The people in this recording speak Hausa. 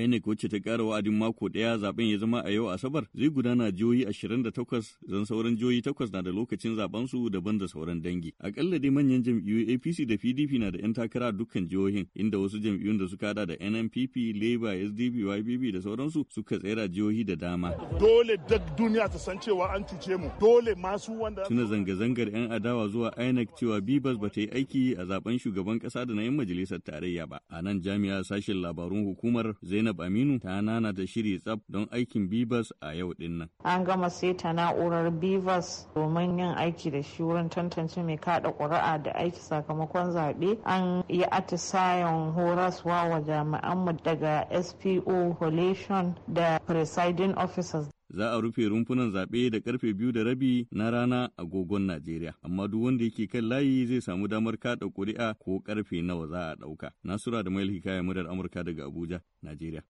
INEC wacce ta ƙara wa'adin mako ɗaya zaben ya zama a yau Asabar zai gudana jihohi 28 zan sauran jihohi takwas na da lokacin zaben su daban da sauran dangi. Akalla dai manyan jam'iyyu APC da PDP na da 'yan takara dukkan jihohin inda wasu jam'iyyun da suka hada da NNPP, Labour, SDP, ypp da sauransu suka tsera jihohi da dama. Dole duk duniya ta san cewa an cuce mu. Dole masu wanda Suna zanga-zangar 'yan adawa zuwa INEC cewa Bibas ba ta yi aiki a zaben shugaban ƙasa da na 'yan majalisar tarayya ba. A nan jami'a sashen labarun hukumar Zainab Zainab Aminu ta nana da shiri tsaf don aikin Bivas a yau din nan. An gama seta na'urar Bivas domin yin aiki da shi wurin tantance mai kada ƙuri'a da aiki sakamakon zaɓe. An yi atisayen horaswa wa jami'an mu daga SPO Collation da Presiding Officers za a rufe rumfunan zaɓe da karfe biyu da rabi na rana agogon Najeriya. Amma duk wanda yake kan layi zai samu damar kaɗa ƙuri'a ko karfe nawa za a ɗauka. Nasura da Mail Hikaya Murar Amurka daga Abuja, Najeriya.